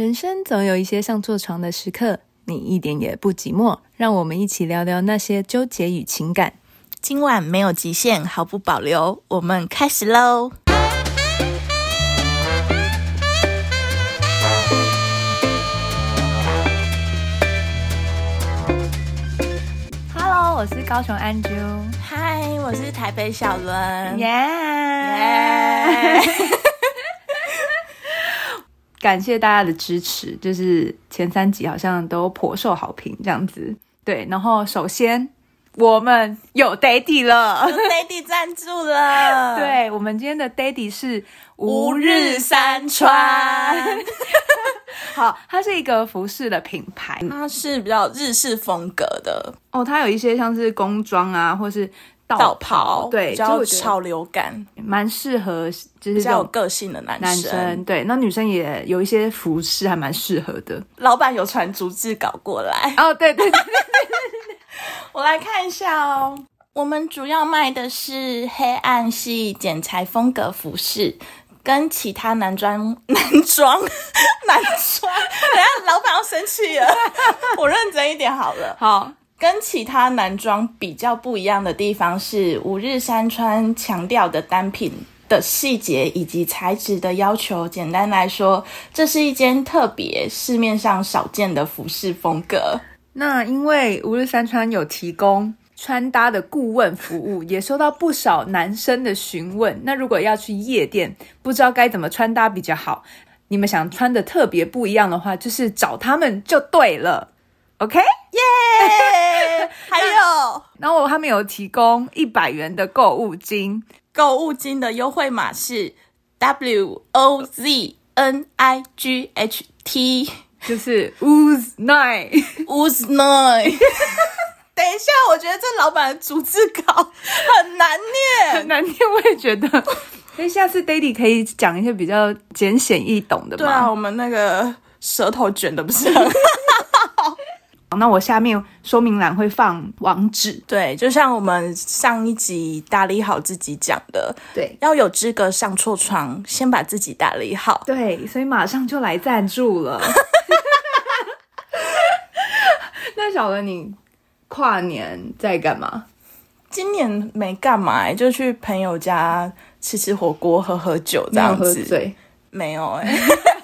人生總有一些像坐床的時刻，你一點也不寂寞。讓我們一起聊聊那些糾結與情感。今晚沒有極限，毫不保留。我們開始嘍！Hello，我是高雄 Andrew。嗨，我是台北小倫。Yeah。Yeah。 感謝大家的支持，就是前三集好像都頗受好評這樣子。對，然後首先我們有 Daddy 了，有 Daddy 贊助了。 對，我們今天的 Daddy 是吾日三穿。 好，它是一個服飾的品牌，它是比較日式風格的哦，它有一些像是工裝啊，或是。道袍,道袍對，比較潮流感，蠻適合就是比較有個性的男生男生。對，那女生也有一些服飾還蠻適合的。老板有傳逐字稿過來哦，對對,對， 我來看一下哦。 我們主要賣的是黑暗系剪裁風格服飾，跟其他男裝、 男裝裝、 男裝。等下，老板要生氣了， 我認真一點好了。好。跟其他男裝比較不一樣的地方是，吾日三穿強調的單品的細節以及材質的要求。簡單來說，這是一間特別市面上少見的服飾風格。那因為吾日三穿有提供穿搭的顧問服務，也收到不少男生的詢問。那如果要去夜店，不知道該怎麼穿搭比較好，你們想穿的特別不一樣的話，就是找他們就對了。OK，耶、yeah! 還有，啊、然後我他們有提供一百元的購物金，購物金的優惠碼是 W O Z N I G H T，就是 Woz Night，Woz Night。 等一下，我覺得這老板的逐字稿很難念，很難念。我也覺得，所以下次 Daddy 可以講一些比較淺顯易懂的。對啊，我們那個舌頭捲的不是很好。 那我下面說明欄會放網址，對，就像我們上一集打理好自己講的，對，要有資格上錯床，先把自己打理好，對，所以馬上就來贊助了。 那小文，你跨年在幹嘛？今年沒幹嘛、欸，就去朋友家吃吃火鍋，喝喝酒，這樣子，對，沒有、欸，哎。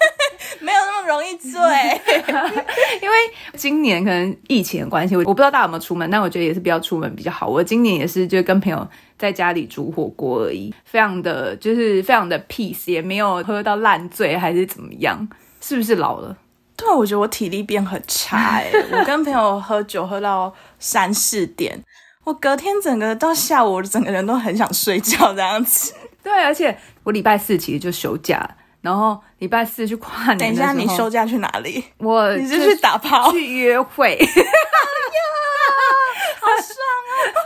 沒有那麼容易醉， 因為今年可能疫情的關係，我我不知道大家有沒有出門，但我覺得也是不要出門比較好。我今年也是就跟朋友在家裡煮火鍋而已，非常的就是非常的 peace，也沒有喝到爛醉還是怎麼樣，是不是老了？對，我覺得我體力變很差哎、欸。 我跟朋友喝酒喝到三四點，我隔天整個到下午，我整個人都很想睡覺這樣子。 對，而且我禮拜四其實就休假。然後禮拜四去跨年。等一下，你休假去哪裡？我就你就是去打炮？去約會？ 好爽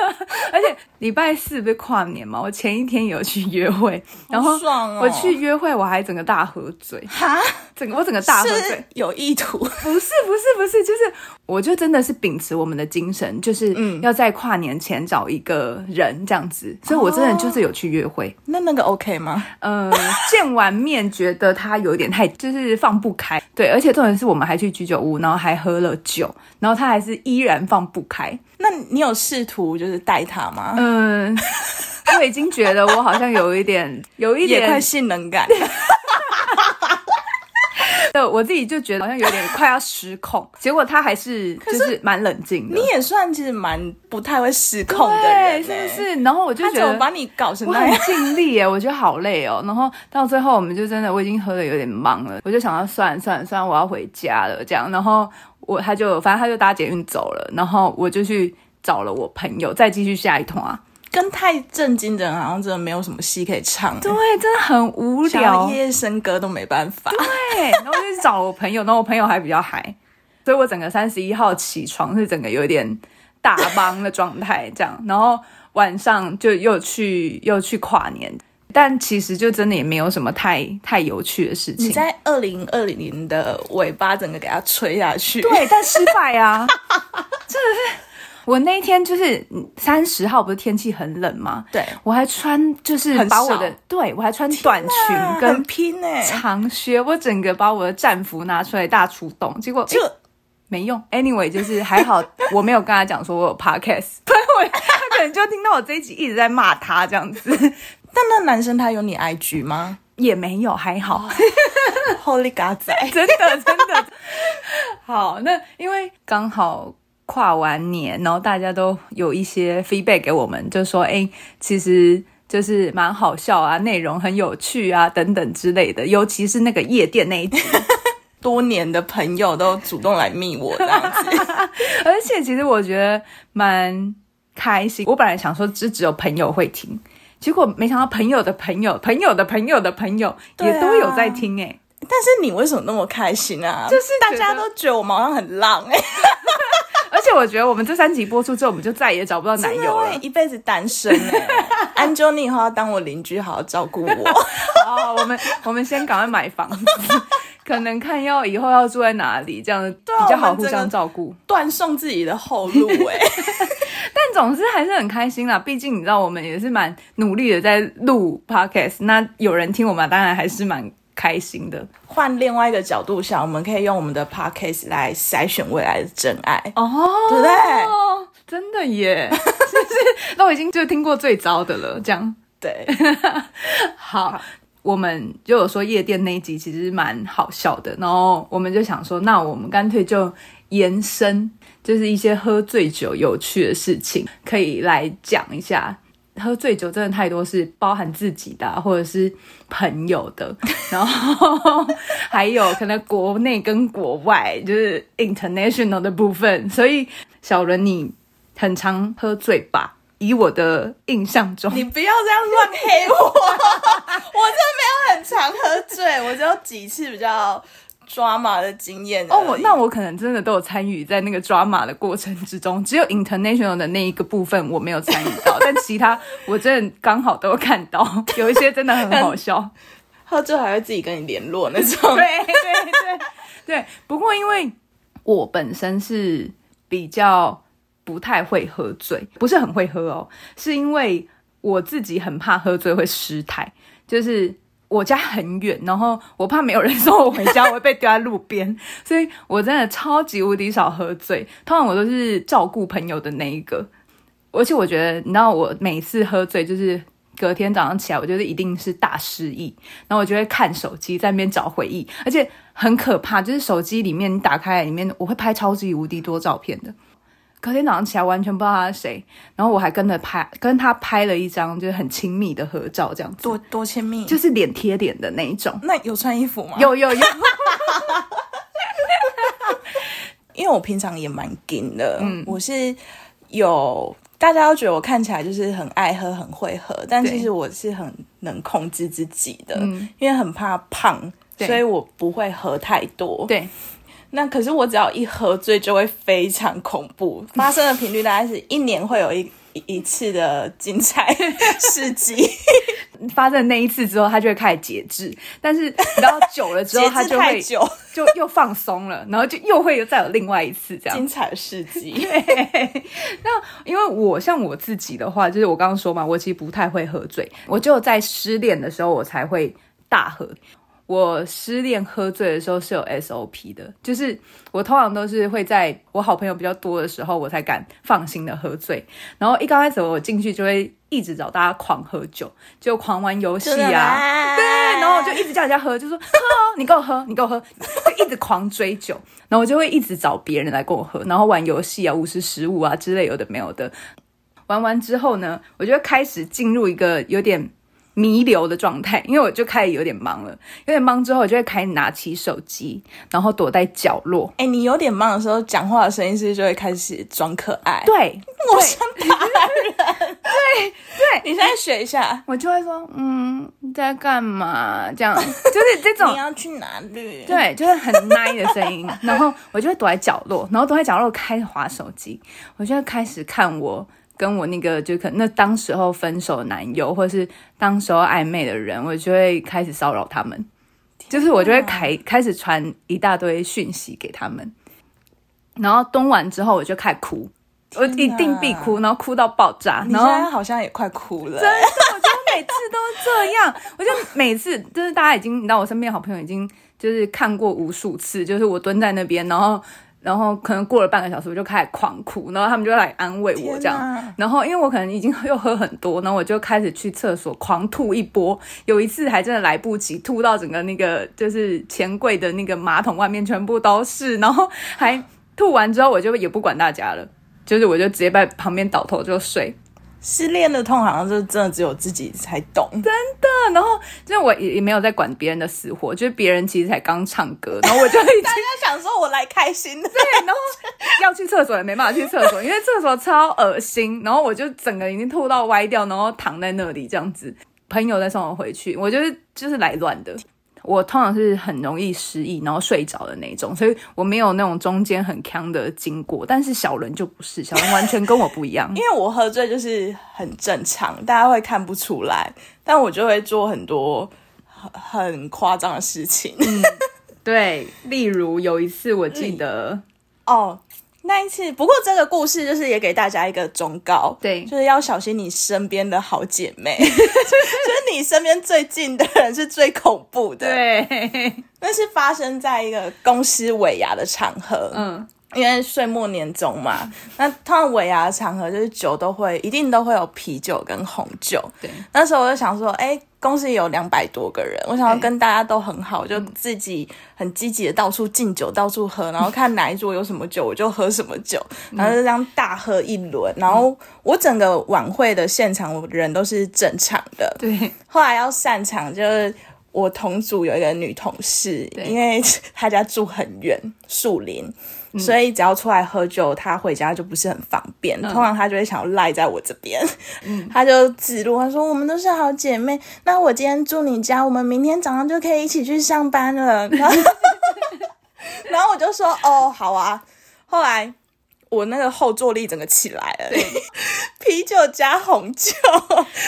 啊！ 而且禮拜四不是跨年嘛，我前一天有去約會，然後我去約會，我還整個大喝醉哈、哦，整個我整個大喝醉，有意圖？不是不是不是，就是我就真的是秉持我們的精神，就是要在跨年前找一個人這樣子，嗯、所以我真的就是有去約會、哦。那那個 OK 嗎？呃，見完面覺得他有點太就是放不開， 對，而且重點是我們還去居酒屋，然後還喝了酒，然後他還是依然放不開。那你有試圖就是帶他嗎？嗯，我已經覺得我好像有一點，有一點快性能感。對, 對，我自己就覺得好像有點快要失控。結果他還是就是蠻冷靜。你也算其實蠻不太會失控的人、欸、對是不是？然後我就覺得把你搞成，我很盡力哎、欸，我覺得好累哦、喔。然後到最後，我們就真的，我已經喝得有點茫了，我就想要算了算了算了，我要回家了這樣。然後。我他就反正他就搭捷運走了，然後我就去找了我朋友，再繼續下一趟啊。跟太正經的人好像真的沒有什麼戲可以唱、欸，對，真的很無聊，夜夜笙歌都沒辦法。對，然後我就去找我朋友，然後我朋友還比較嗨， 所以我整個三十一號起床是整個有點大茫的狀態這樣，然後晚上就又去又去跨年。但其實就真的也沒有什麼太太有趣的事情。你在二零二零年的尾巴整個給它吹下去。對，但失敗啊！ 真的是，我那一天就是三十號，不是天氣很冷嗎？對，我還穿就是把我的，對我還穿短裙跟、啊、拼哎、欸、長靴，我整個把我的戰服拿出來大出動，結果就、欸、沒用。Anyway，就是還好我沒有跟他講說我有 podcast， 我他可能就聽到我這一集一直在罵他這樣子。但那男生他有你 IG 嗎？也沒有，還好。Holy Ghost 真的真的 好。那因為剛好跨完年，然後大家都有一些 feedback 給我們，就說哎、欸，其實就是蠻好笑啊，內容很有趣啊，等等之類的。尤其是那個夜店那一集， 多年的朋友都主動來密我這樣子 而且其實我覺得蠻開心。我本來想說，就只有朋友會聽。結果沒想到，朋友的朋友、朋友的朋友的朋友也都有在聽哎、欸啊。但是你為什麼那麼開心啊？就是大家都覺得我們好像很浪哎、欸。 而且我覺得我們這三集播出之後，我們就再也找不到男友了，一輩子單身了、欸。 Angel 你以後要當我鄰居，好好照顧我啊！ 我們我們先趕快買房子， 可能看要以後要住在哪裡，這樣比較好對、啊、互相照顧，斷送自己的後路哎、欸。 總之還是很開心啦，畢竟你知道我們也是蠻努力的在錄 podcast，那有人聽我們、啊、當然還是蠻開心的。換另外一個角度想，我們可以用我們的 podcast 來篩選未來的真愛哦，oh, 對不對？真的耶！那 是那我已經就聽過最糟的了，這樣對 好。好，我們就有說夜店那一集其實蠻好笑的，然後我們就想說，那我們乾脆就。延伸就是一些喝醉酒有趣的事情，可以來講一下。喝醉酒真的太多，是包含自己的啊，或者是朋友的，然後 還有可能國內跟國外，就是 international 的部分。所以小倫，你很常喝醉吧？以我的印象中，你不要這樣亂黑我啊，hey，我，我真的沒有很常喝醉，我只有幾次比較。抓馬的經驗哦，oh, 那我可能真的都有參與在那個抓馬的過程之中，只有 international 的那一個部分我沒有參與到， 但其他我真的剛好都有看到，有一些真的很好笑，喝醉還會自己跟你聯絡那種。對對對對，不過因為我本身是比較不太會喝醉，不是很會喝哦，是因為我自己很怕喝醉會失態，就是。我家很遠，然後我怕沒有人送我回家，我會被丟在路邊， 所以我真的超級無敵少喝醉。通常我都是照顧朋友的那一個，而且我覺得，你知道，我每次喝醉就是隔天早上起來，我覺得一定是大失憶，然後我就會看手機在那邊找回憶，而且很可怕，就是手機裡面你打開來裡面，我會拍超級無敵多照片的。隔天早上起來，完全不知道他是誰，然後我還跟着拍跟他拍了一張，就是很親密的合照。這樣子多多親密？就是臉貼臉的那一種。那有穿衣服嗎？有有有。 因為我平常也蠻緊的、嗯，我是有大家都覺得我看起來就是很愛喝、很會喝，但其實我是很能控制自己的，嗯、因為很怕胖，對，所以我不會喝太多。對。那可是我只要一喝醉就會非常恐怖，發生的頻率大概是一年會有一一,一次的精彩事蹟。 發生的那一次之後，他就會開始節制，但是你知道久了之後，他就會 就又放鬆了，然後就又會有再有另外一次這樣精彩的事蹟。 那因為我像我自己的話，就是我剛剛說嘛，我其實不太會喝醉，我就在失戀的時候我才會大喝。我失戀喝醉的時候是有 SOP 的，就是我通常都是會在我好朋友比較多的時候，我才敢放心的喝醉。然後一剛開始我進去就會一直找大家狂喝酒，就狂玩遊戲啊，對，然後我就一直叫人家喝，就說喝，你跟我喝，你跟我喝，就一直狂追酒。然後我就會一直找別人來跟我喝，然後玩遊戲啊，五十十五啊之類有的沒有的。玩完之後呢，我就會開始進入一個有點，彌留的狀態，因為我就開始有點忙了，有點忙之後，我就會開始拿起手機，然後躲在角落。哎、欸，你有點忙的時候，講話的聲音是不是就會開始裝可愛？對，我是大人。對對，你現在學一下，我就會說，嗯，你在幹嘛？這樣就是這種 你要去哪裡？對，就是很奶的聲音。然後我就會躲在角落，然後躲在角落開滑手機，我就會開始看我。跟我那個就可能那當時候分手的男友，或是當時候曖昧的人，我就會開始騷擾他們，就是我就會開開始傳一大堆訊息給他們，然後蹲完之後我就開始哭，我一定必哭，然後哭到爆炸，然後好像也快哭了，真的，我覺得每次都這樣， 我覺得每次就是大家已經，你知道我身邊好朋友已經就是看過無數次，就是我蹲在那邊，然後。然後可能過了半個小時，我就開始狂哭，然後他們就來安慰我這樣。然後因為我可能已經又喝很多，然後我就開始去廁所狂吐一波。有一次還真的來不及，吐到整個那個就是錢櫃的那個馬桶外面全部都是。然後還吐完之後，我就也不管大家了，就是我就直接在旁邊倒頭就睡。失戀的痛好像是真的只有自己才懂，真的。然後，就我也也沒有在管別人的死活，就別人其實才剛唱歌，然後我就一 大家想說我來開心，對，然後 要去廁所也沒辦法去廁所，因為廁所超惡心，然後我就整個已經吐到歪掉，然後躺在那裡這樣子，朋友再送我回去，我就是就是來亂的。我通常是很容易失憶，然後睡着的那種，所以我沒有那種中間很強的經過。但是小倫就不是，小倫完全跟我不一樣。 因為我喝醉就是很正常，大家會看不出來，但我就會做很多很誇張的事情、 嗯。對，例如有一次我記得、嗯、哦。那一次，不過這個故事就是也給大家一個忠告，對，就是要小心你身邊的好姐妹， 就是你身邊最近的人是最恐怖的。對，那是發生在一個公司尾牙的場合，嗯，因為歲末年終嘛，那通常尾牙的場合就是酒都會一定都會有啤酒跟紅酒，對。那時候我就想說，哎。公司有兩百多個人，我想要跟大家都很好，欸、就自己很積極的到處敬酒、嗯，到處喝，然後看哪一桌有什麼酒， 我就喝什麼酒，嗯，然後就這樣大喝一輪。然後我整個晚會的現場人都是正常的，對。後來要散場就是。我同組有一個女同事，因為她家住很遠，樹林、嗯，所以只要出來喝酒，她回家就不是很方便。通常她就會想要賴在我這邊，她、嗯、就指路，她說：“我們都是好姐妹，那我今天住你家，我們明天早上就可以一起去上班了。 ” 然後，然後我就說：“哦，好啊。”後來。我那個後坐力整個起來了，啤酒加紅酒，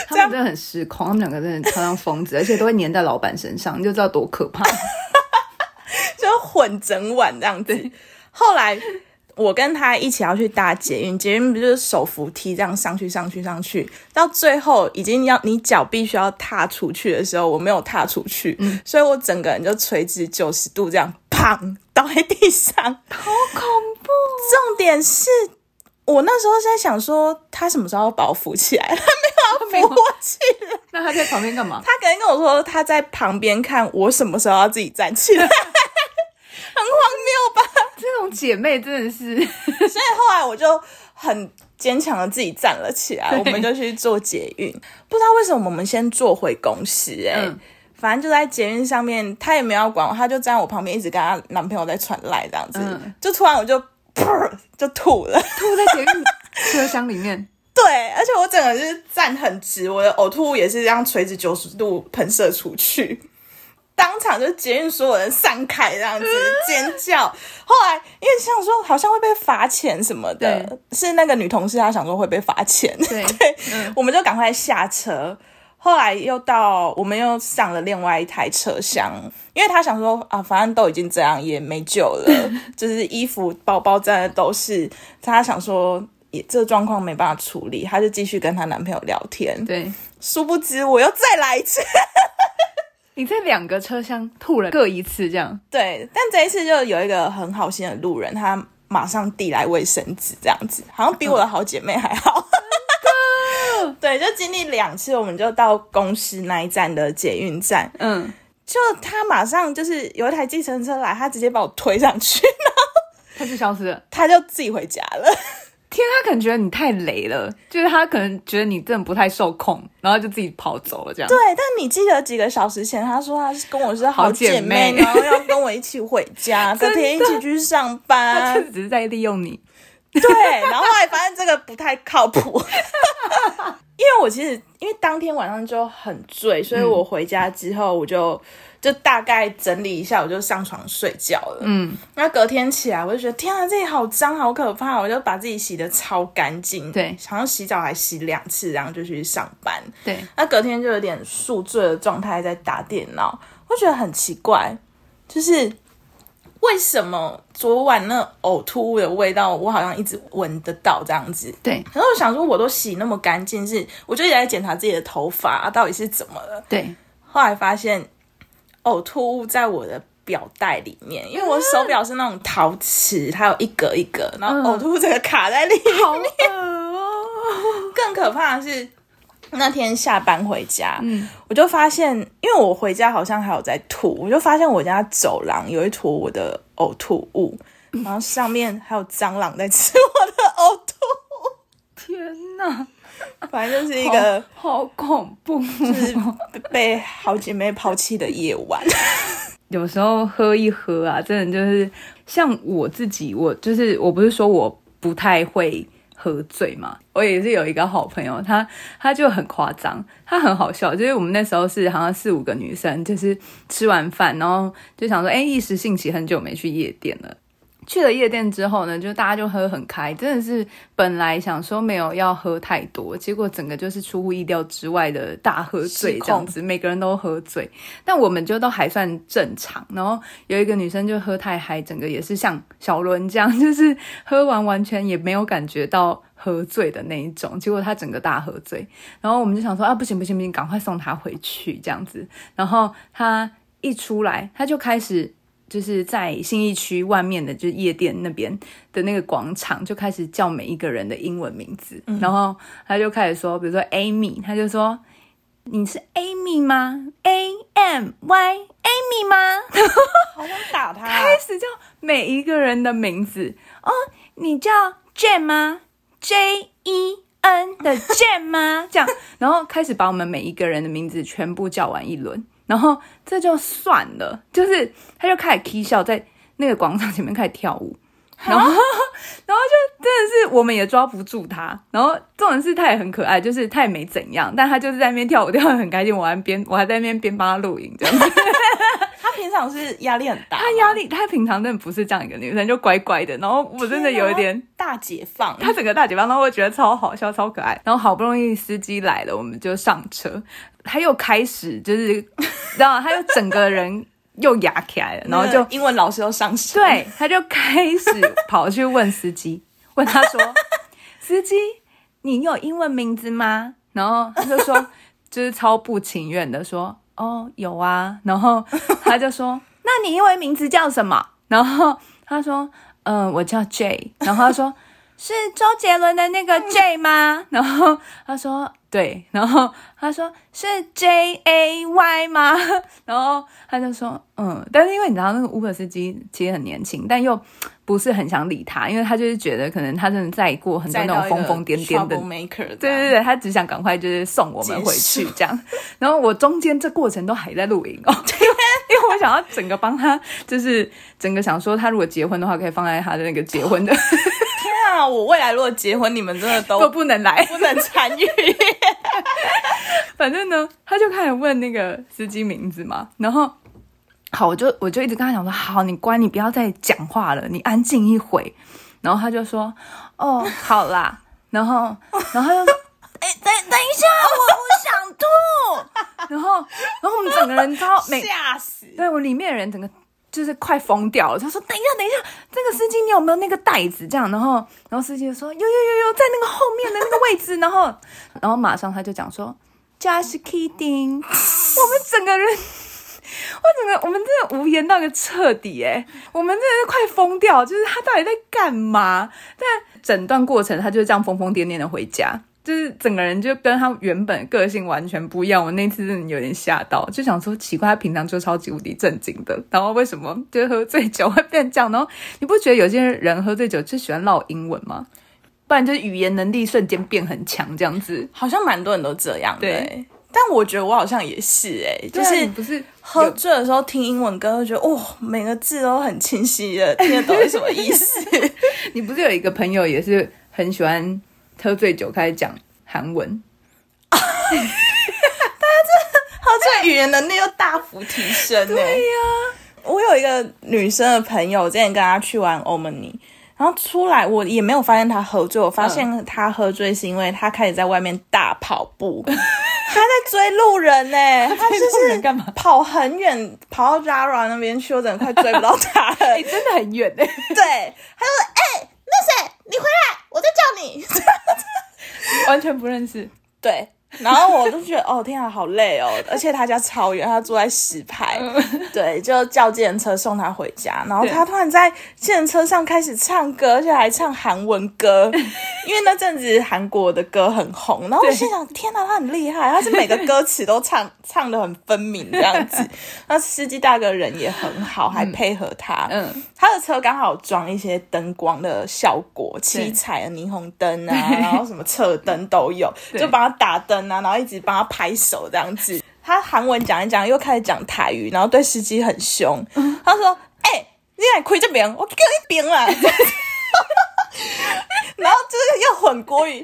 他們真的很失控，他們兩個真的超像瘋子，而且都會黏在老闆身上， 你就知道多可怕。 就混整晚這樣子。後來我跟他一起要去搭捷運， 捷運不就是手扶梯這樣上去上去上去，到最後已經要你腳必須要踏出去的時候，我沒有踏出去，嗯、所以我整個人就垂直九十度這樣。躺倒在地上，好恐怖，哦！重點是我那時候是在想說，他什麼時候要把我扶起來？他沒有要扶我起來。那他在旁邊幹嘛？他可能跟我說，他在旁邊看我什麼時候要自己站起來。 很荒謬吧？這種姐妹真的是。 所以後來我就很堅強的自己站了起來，我們就去坐捷運。不知道為什麼我們先坐回公司，欸，哎、欸。反正就在捷運上面，她也沒有管我，她就站我旁邊一直跟她男朋友在傳賴這樣子，嗯，就突然我就噗就吐了，吐在捷運車廂裡面。 對，而且我整個就是站很直，我的嘔吐也是這樣垂直九十度噴射出去，當場就捷運所有人散開這樣子、嗯、尖叫。後來因為想說好像會被罰錢什麼的，是那個女同事她想說會被罰錢，對， 對、嗯，我們就趕快下車。後來又到我們又上了另外一台車廂，因為她想說啊，反正都已經這樣也沒救了， 就是衣服包包沾的都是。她想說也這個、狀況沒辦法處理，她就繼續跟她男朋友聊天。對，殊不知我又再來一次。 你在兩個車廂吐了各一次這樣。對，但這一次就有一個很好心的路人，他馬上遞來衛生紙這樣子，好像比我的好姐妹還好。 對，就經歷兩次，我們就到公司那一站的捷運站，嗯，就他馬上就是有一台計程車來，他直接把我推上去，然後他，就了他就消失了，他就自己回家了。天，他可能覺得你太累了，就是他可能覺得你真的不太受控，然後就自己跑走了這樣。對，但你記得幾個小時前，他說他是跟我是好、好姐妹，然後要跟我一起回家，隔 天一起去上班，他只是在利用你。對，然後後來發現這個不太靠譜。 因為我其實因為當天晚上就很醉，所以我回家之後我就就大概整理一下，我就上床睡覺了。嗯，那隔天起來我就覺得天啊，這裡好髒，好可怕！我就把自己洗得超乾淨，對，然後洗澡還洗兩次，然後就去上班。對，那隔天就有點宿醉的狀態，在打電腦，我覺得很奇怪，就是。為什麼昨晚那嘔吐物的味道，我好像一直聞得到這樣子？對，然後我想說，我都洗那麼乾淨是，是我就一直在檢查自己的頭髮、啊、到底是怎麼了。對，後來發現嘔吐物在我的錶帶裡面，因為我手錶是那種陶瓷，它有一格一格，嗯、然後嘔吐物整個卡在裡面。哦、更可怕的是。那天下班回家，嗯，我就發現，因為我回家好像還有在吐，我就發現我家走廊有一坨我的嘔吐物，然後上面還有蟑螂在吃我的嘔吐物。天哪，啊！反正就是一個好,好恐怖，就是被好姐妹拋棄的夜晚。有時候喝一喝啊，真的就是像我自己，我就是我不是說我不太會。喝醉嘛，我也是有一個好朋友，他他就很誇張，他很好笑。就是我們那時候是好像四五個女生，就是吃完飯，然後就想說，哎，一時興起，很久沒去夜店了。去了夜店之後呢，就大家就喝很開，真的是本來想說沒有要喝太多，結果整個就是出乎意料之外的大喝醉這樣子，每個人都喝醉，但我們就都還算正常。然後有一個女生就喝太嗨，整個也是像小輪這樣，就是喝完完全也沒有感覺到喝醉的那一種，結果她整個大喝醉，然後我們就想說啊，不行不行不行，趕快送她回去這樣子。然後她一出來，她就開始。就是在信義區外面的，就是夜店那邊的那個廣場，就開始叫每一個人的英文名字、嗯，然後他就開始說，比如說 Amy，他就說、嗯、你是 Amy 嗎？A M Y Amy 嗎？好想打他、啊！ 開始叫每一個人的名字哦，你叫 Jen 嗎？J E N 的 Jen 嗎？ 這樣，然後開始把我們每一個人的名字全部叫完一輪。然後這就算了，就是他就開始 K 笑，在那個廣場前面開始跳舞。然後，然後就真的是我們也抓不住他。然後，重點是他也很可愛，就是他也沒怎樣，但他就是在那邊跳舞，跳得很開心。我還邊我還在那邊邊幫他錄影，這樣子。他平常是壓力很大，他壓力他平常真的不是這樣一個女生，就乖乖的。然後我真的有一點、啊、大解放，他整個大解放，然後我覺得超好笑、超可愛。然後好不容易司機來了，我們就上車，他又開始就是，知道他又整個人。 又壓起來了，然後就，嗯、英文老師又上手，對，他就開始跑去問司機， 問他說：“ 司機，你有英文名字嗎？” 然後他就說，就是超不情願的說：“哦，有啊。”然後他就說：“ 那你英文名字叫什麼？”然後他說：“嗯、呃，我叫 Jay。”然後他說：“ 是周杰倫的那個 Jay 嗎？” 然後他說。對，然後他說是 J A Y 嗎？然後他就說，嗯，但是因為你知道那個烏克斯基其實很年輕，但又不是很想理他，因為他就是覺得可能他真的在過很多那種瘋瘋癲癲的，對對對，他只想趕快就是送我們回去這樣。然後我中間這過程都還在錄影哦，因 為 因為我想要整個幫他，就是整個想說他如果結婚的話，可以放在他的那個結婚的、哦。 那我未來如果結婚，你們真的都，都不能來，不能參與。反正呢，他就開始問那個司機名字嘛。然後，好，我就我就一直跟他講說，好，你乖，你不要再講話了，你安靜一會。然後他就說，哦，好啦。 然後，然後又說，哎、 欸，等等一下，我不想吐。 然後，然後我們整個人都嚇 死。對，我裡面的人整個。就是快瘋掉了！他說：“等一下，等一下，這、那個司機你有沒有那個袋子？”這樣，然後，然後司機就說：“呦呦呦呦，在那個後面的那個位置。 ”然後，然後馬上他就講說 ：“Just kidding！” 我們整個人，我整個，我們真的無言到個徹底誒、欸，我們真的快瘋掉！就是他到底在幹嘛？但整段過程他就是這樣瘋瘋癲癲的回家。就是整個人就跟他原本個性完全不一樣。我那次真的有點嚇到，就想說奇怪，他平常就超級無敵正經的，然後為什麼就喝醉酒會變這樣，然後你不覺得有些人喝醉酒就喜歡嘮英文嗎？不然就是語言能力瞬間變很強，這樣子。好像蠻多人都這樣。對，但我覺得我好像也是哎、欸，就是不是喝醉的時候聽英文歌，覺得哦，每個字都很清晰的，聽得懂是什麼意思。 你不是有一個朋友也是很喜歡？喝醉酒開始講韓文啊！大家這好像語言能力又大幅提升呢。對呀、啊，我有一個女生的朋友，我之前跟她去玩歐曼尼，然後出來我也沒有發現她喝醉，我發現她喝醉是因為她開始在外面大跑步，她、嗯、在追路人呢。追路，路人幹嘛？她就是跑很遠，跑到 Zara 那邊去，我整個快追不到她了、欸。真的很遠呢。對，她說哎。欸那誰，你回來，我就叫你。 完全不認識，對。 然後我就覺得哦天啊，好累哦，而且他家超遠，他住在石牌， 對，就叫計程車送他回家。然後他突然在計程車上開始唱歌，而且還唱韓文歌，因為那陣子韓國的歌很紅。然後我心想天啊，他很厲害，他是每個歌詞都唱 唱得很分明這樣子。那司機大哥人也很好，還配合他。嗯，嗯他的車剛好裝一些燈光的效果，七彩的霓虹燈啊，然後什麼側燈都有，就幫他打燈。然後一直幫他拍手這樣子，他韓文講一講，又開始講台語，然後對司機很凶。他說：“哎、嗯欸，你來虧這邊，我給你邊了、啊。” 然後就是又混國語，右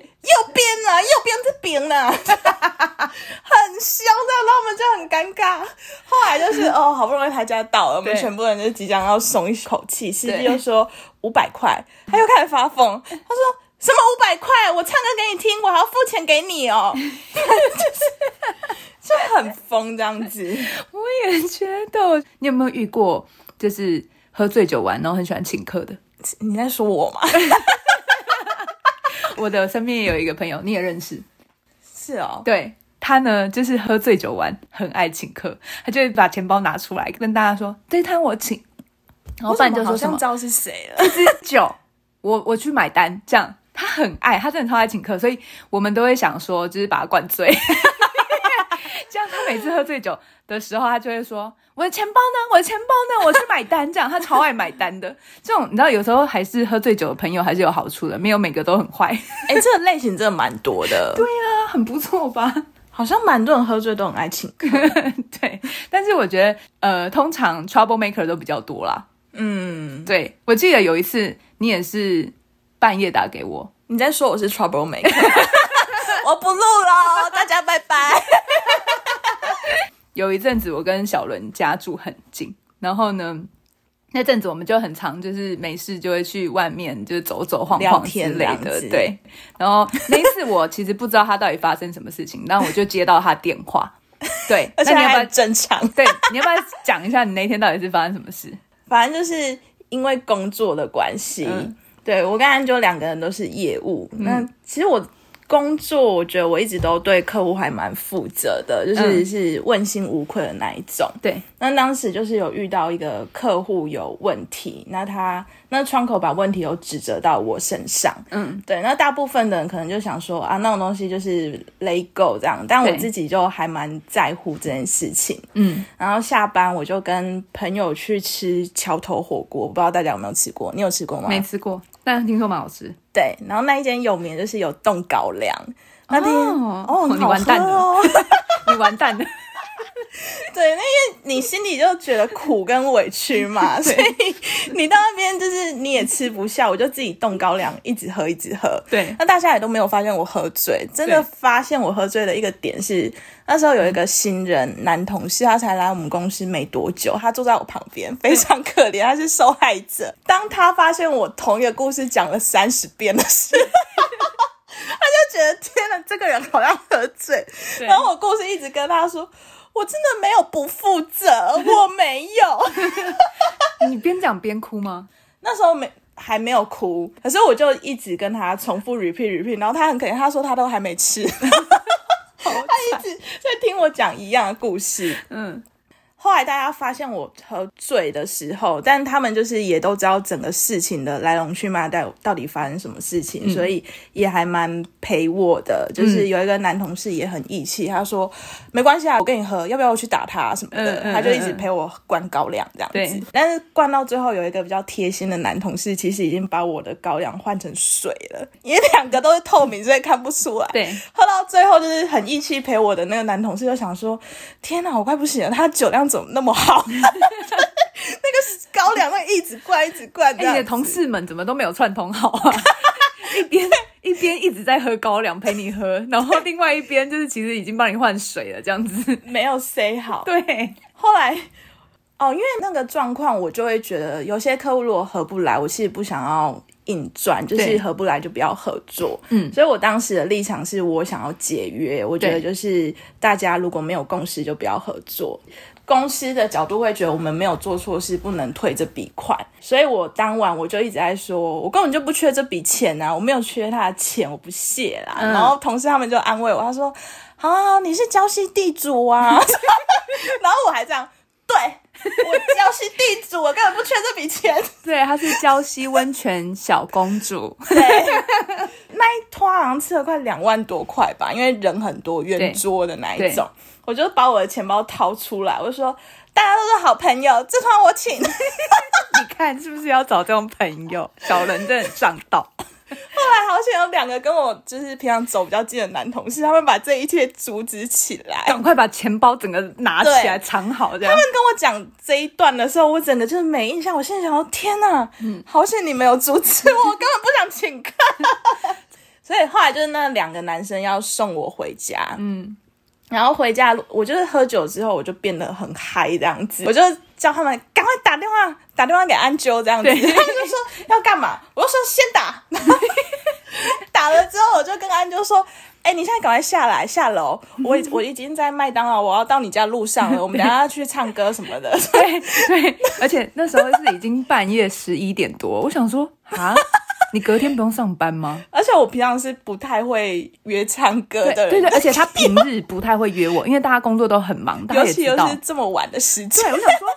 邊啊，右邊這邊啊， 很凶的。這樣，那我們就很尷尬。後來就是哦，好不容易他家到了，我們全部人就即將要鬆一口氣。司機又說五百塊，他又開始發瘋。他說。什麼五百塊？我唱歌給你聽，我還要付錢給你哦，就 是就很瘋這樣子。 我也覺得。你有沒有遇過就是喝醉酒玩，然後很喜歡請客的？你在說我嗎？ 我的身邊也有一個朋友，你也認識。是哦。對。他呢，就是喝醉酒玩，很愛請客，他就會把錢包拿出來跟大家說：“對他，我請。”然後伴就說什知道是誰了？是 酒，我我去買單，這樣。他很愛，他真的超愛請客，所以我們都會想說，就是把他灌醉， 這樣他每次喝醉酒的時候，他就會說：“我的錢包呢？我的錢包呢？我去買單。”這樣他超愛買單的。這種你知道，有時候還是喝醉酒的朋友還是有好處的，沒有每個都很壞。哎、欸，這個類型真的蠻多的。對呀、啊，很不錯吧？好像蠻多人喝醉都很愛請客。 對，但是我覺得，呃，通常 trouble maker 都比較多啦。嗯，對，我記得有一次你也是。半夜打給我，你在說我是 trouble Maker？ 我不錄了，大家拜拜。 有一陣子我跟小倫家住很近，然後呢，那陣子我們就很常就是沒事就會去外面就走走晃晃，之類的兩天兩。對，然後那一次我其實不知道他到底發生什麼事情，然 後我就接到他電話。 對那你要不要，而且還正常。 對，你要不要講一下你那天到底是發生什麼事？反正就是因為工作的關係。嗯對我跟安九兩個人都是業務，嗯、那其實我工作，我覺得我一直都對客戶還蠻負責的，就是、嗯、是問心無愧的那一種。對，那當時就是有遇到一個客戶有問題，那他那窗口把問題都指責到我身上。嗯，對，那大部分的人可能就想說啊，那種東西就是 let go 這樣，但我自己就還蠻在乎這件事情。嗯，然後下班我就跟朋友去吃橋頭火鍋，不知道大家有沒有吃過？你有吃過嗎？沒吃過。那聽說蠻好吃，對，然後那一間有名就是有凍高粱，那邊哦，哦，哦，你完蛋了， 你完蛋了。 對，那因為你心裡就覺得苦跟委屈嘛， 所以你到那邊就是你也吃不下，我就自己凍高粱，一直喝，一直喝。對，那大家也都沒有發現我喝醉，真的發現我喝醉的一個點是，那時候有一個新人男同事，他才來我們公司沒多久，他坐在我旁邊，非常可憐，他是受害者。當他發現我同一個故事講了三十遍的時候， 他就覺得天哪，這個人好像喝醉。然後我故事一直跟他說。我真的沒有不負責，我沒有。 你邊講邊哭嗎？那時候沒還沒有哭，可是我就一直跟他重複 repeat repeat，然後他很可憐，他說他都還沒吃， 好慘。他一直在聽我講一樣的故事， 嗯。後來大家發現我喝醉的時候，但他們就是也都知道整個事情的來龍去脈，到到底發生什麼事情，嗯，所以也還蠻陪我的。就是有一個男同事也很義氣，他說沒關係啊，我跟你喝，要不要我去打他啊，什麼的，嗯嗯，他就一直陪我灌高粱這樣子。但是灌到最後，有一個比較貼心的男同事，其實已經把我的高粱換成水了，因為兩個都是透明，所以看不出來。對，喝到最後就是很義氣陪我的那個男同事，就想說：天哪，我快不行了！他酒量怎麼那麼好？ 那個高粱會一直灌、一直灌、欸。你的同事們怎麼都沒有串通好啊？ 一邊一邊一直在喝高粱，陪你喝， 然後另外一邊就是其實已經幫你換水了，這樣子沒有 say 好。對，後來哦，因為那個狀況，我就會覺得有些客戶如果合不來，我其實不想要硬賺，就是合不來就不要合作。嗯，所以我當時的立場是我想要解約，我覺得就是大家如果沒有共識，就不要合作。公司的角度會覺得我們沒有做錯事，不能退這筆款，所以我當晚我就一直在說，我根本就不缺這筆錢啊，我沒有缺他的錢，我不屑啦。嗯、然後同事他們就安慰我，他說：“好，好，好，你是礁溪地主啊。 ” 然後我還這樣，對。 我礁溪地主，我根本不缺這筆錢。 對，她是礁溪溫泉小公主。 對，那一 趟好像吃了快兩萬多塊吧，因為人很多圓桌的那一種，我就把我的錢包掏出來，我就說大家都是好朋友，這趟我請。 你看是不是要找這種朋友？小人真的很上道。 後來好險，有兩個跟我就是平常走比較近的男同事，他們把這一切阻止起來，趕快把錢包整個拿起來藏好這樣。他們跟我講這一段的時候，我整個就是沒印象。我現在想說，天啊，嗯，好險你沒有阻止我， 我根本不想請客。所以後來就是那兩個男生要送我回家，嗯，然後回家我就是喝酒之後，我就變得很嗨這樣子，我就。叫他們趕快打電話打電話給安啾這樣子，對對對，他們就說要幹嘛，我就說先打。然後打了之後，我就跟安啾說：“哎、欸，你現在趕快下來下樓，我我已經在麥當勞，我要到你家路上了。我們等下去唱歌什麼的，所以所以，而且那時候是已經半夜十一點多。我想說啊，你隔天不用上班嗎？而且我平常是不太會約唱歌的人，對，對對。而且他平日不太會約我，因為大家工作都很忙，尤其又是這麼晚的時間。我想說。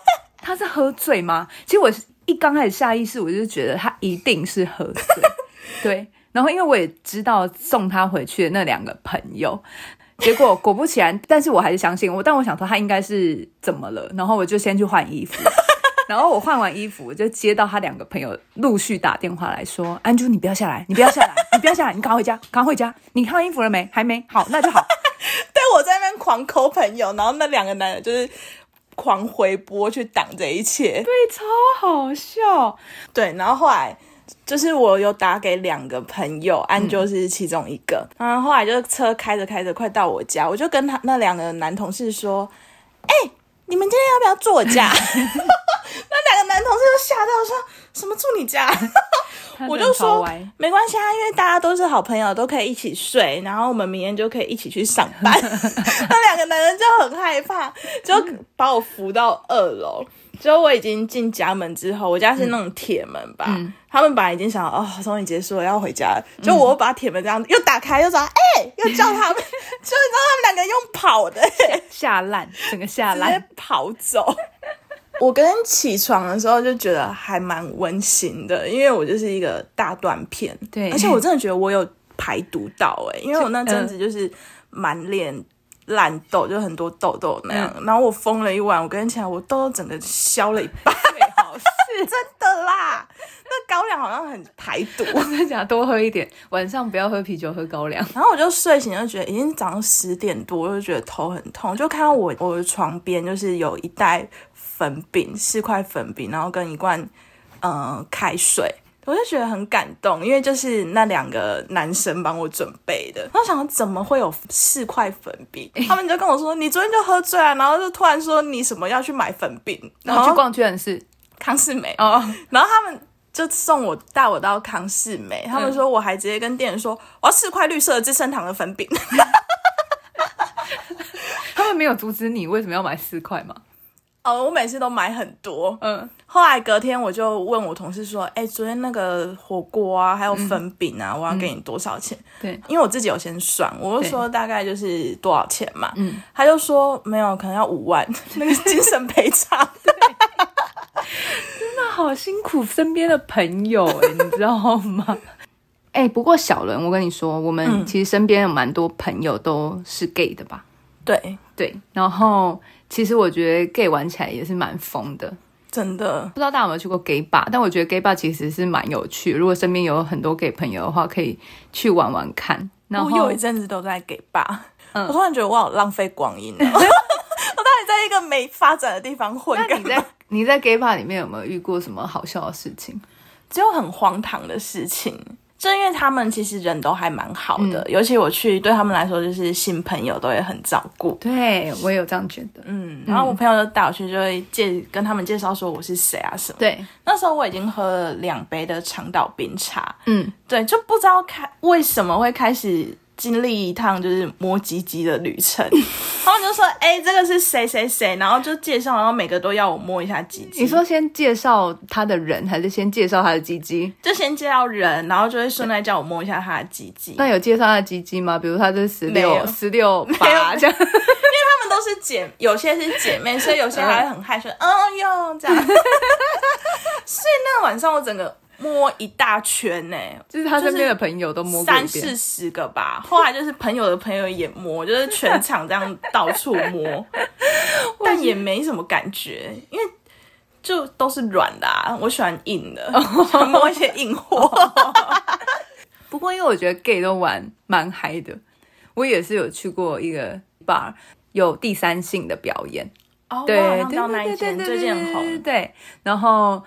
他是喝醉嗎？其實我一剛開始下意識，我就覺得他一定是喝醉，對。然後因為我也知道送他回去的那兩個朋友，結果果不其然，但是我還是相信我。但我想說他應該是怎麼了？然後我就先去換衣服。然後我換完衣服，我就接到他兩個朋友陸續打電話來說：“安珠，你不要下來，你不要下來，你不要下來，你趕快回家，趕快回家。你換衣服了沒？還沒？好，那就好。 對”對我在那邊狂摳朋友，然後那兩個男人就是。狂回撥去擋這一切，對，超好笑。對，然後後來就是我有打給兩個朋友、嗯，安就是其中一個。然後後來就車開着開着，快到我家，我就跟他那兩個男同事說：“哎、欸，你們今天要不要住我家？” 那兩個男同事就嚇到說。什麼住你家？ 我就說，沒關係啊，因為大家都是好朋友，都可以一起睡。然後我們明天就可以一起去上班。 那兩個男人就很害怕，就把我扶到二樓。就我已經進家門之後，我家是那種鐵門吧、嗯嗯。他們本來已經想哦，終於結束了，要回家了。就我把鐵門這樣子又打開又找，哎、欸，又叫他們， 就你知道他們兩個用跑的嚇爛，整個嚇爛跑走。我剛起床的時候就覺得還蠻溫馨的，因為我就是一個大斷片。對，而且我真的覺得我有排毒到哎、欸，因為我那陣子就是滿臉爛痘，就很多痘痘那樣、嗯。然後我瘋了一晚，我跟你講我痘痘整個消了一半。最好是 真的啦。那高粱好像很排毒，我跟你講多喝一點，晚上不要喝啤酒，喝高粱。然後我就睡醒就覺得已經早上十點多，我就覺得頭很痛，就看到我我的床邊就是有一袋，粉餅，四塊粉餅，然後跟一罐嗯、呃、開水，我就覺得很感動，因為就是那兩個男生幫我準備的。然後我想怎麼會有四塊粉餅、欸？他們就跟我說：“你昨天就喝醉了、啊，然後就突然說你什麼要去買粉餅，然後去逛居然是，康是美哦。”然後他們就送我帶我到康是美、嗯，他們說我還直接跟店員說我要四塊綠色的資生堂的粉餅。 他們沒有阻止你，為什麼要買四塊嘛？哦、oh,，我每次都買很多。嗯，後來隔天我就問我同事說：“哎、欸，昨天那個火鍋啊，還有粉餅啊、嗯，我要給你多少錢、嗯？”對，因為我自己有先算，我就說大概就是多少錢嘛。嗯，他就說沒有，可能要五萬， 那個精神賠償。 真的好辛苦身邊的朋友、欸，你知道嗎？哎、 欸，不過小倫，我跟你說，我們其實身邊有蠻多朋友都是 gay 的吧？對對，然後。其實我覺得 gay 玩起來也是蠻瘋的，的，真的不知道大家有沒有去過 gay bar，但我覺得 gay bar 其實是蠻有趣的。如果身邊有很多 gay 朋友的話，可以去玩玩看。然後我有一陣子都在 gay bar，、嗯、我突然覺得我好浪費光陰、啊， 我到底在一個沒發展的地方混。那你在你在 gay bar 裡面有沒有遇過什麼好笑的事情？只有很荒唐的事情。正因為他們其實人都還蠻好的，嗯，尤其我去對他們來說就是新朋友，都也很照顧。對，我也有這樣覺得，嗯，嗯，然後我朋友就帶我去，就會介跟他們介紹說我是誰啊什麼。對，那時候我已經喝了兩杯的長島冰茶，嗯，對，就不知道開為什麼會開始。經歷一趟就是摸雞雞的旅程，然 後就說哎、欸，這個是誰誰誰，然後就介紹，然後每個都要我摸一下雞雞。你說先介紹他的人，還是先介紹他的雞雞？就先介紹人，然後就會順帶叫我摸一下他的雞雞。 那有介紹他的雞雞嗎？比如他這是16，沒有十六八這樣， 因為他們都是姐，有些是姐妹，所以有些還會很害羞。 哦喲、哦、這樣， 所以那個晚上我整個。摸一大圈呢、欸，就是他身邊的朋友都摸、就是、三四十個吧。後來就是朋友的朋友也摸， 就是全場這樣到處摸，但也沒什麼感覺，因為就都是軟的、啊，我喜歡硬的， 摸一些硬貨。 不過因為我覺得 gay 都玩蠻嗨的，我也是有去過一個 bar 有第三性的表演哦，oh, 對, wow, 對對對對對，最近很紅，對，然後。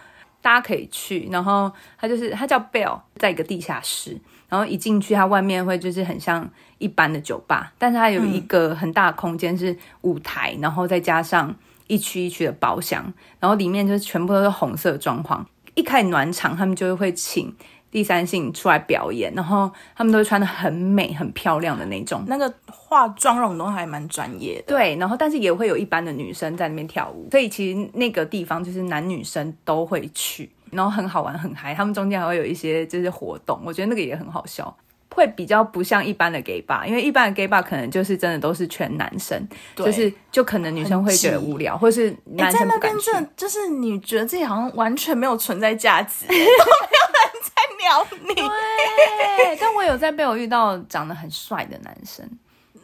大家可以去，然後他就是他叫 Bell，在一個地下室，然後一進去，他外面會就是很像一般的酒吧，但是他有一個很大的空間是舞台、嗯，然後再加上一區一區的包廂，然後裡面就是全部都是紅色的裝潢。一開始暖場，他們就會請。第三性出來表演，然後他們都會穿得很美、很漂亮的那種，那個化妝容都還蠻專業的。對，然後但是也會有一般的女生在那邊跳舞，所以其實那個地方就是男女生都會去，然後很好玩、很嗨。他們中間還會有一些就是活動，我覺得那個也很好笑。會比較不像一般的 gay 吧，因為一般的 gay 吧可能就是真的都是全男生，對，就是就可能女生會覺得無聊，或是男生不敢、欸在那，就是你覺得自己好像完全沒有存在價值， 都沒有人在鳥你。對，但我有在被我遇到長得很帥的男生。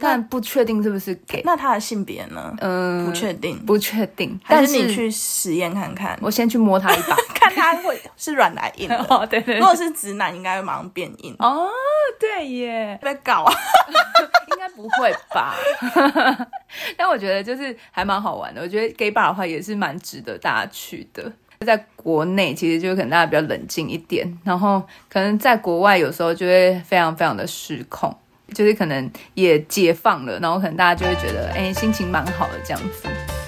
但不確定是不是 gay，那,那他的性別呢？嗯、呃，不確定，不確定。但是,是你去實驗看看，我先去摸他一把， 看他會是軟來硬。哦，對,對對。如果是直男，應該會馬上變硬。哦，對耶。在搞啊？應該不會吧？ 但我覺得就是還蠻好玩的。我覺得 gay bar 的話也是蠻值得大家去的。在國內，其實就可能大家比較冷靜一點，然後可能在國外有時候就會非常非常的失控。就是可能也解放了，然後可能大家就會覺得，哎，心情蠻好的這樣子。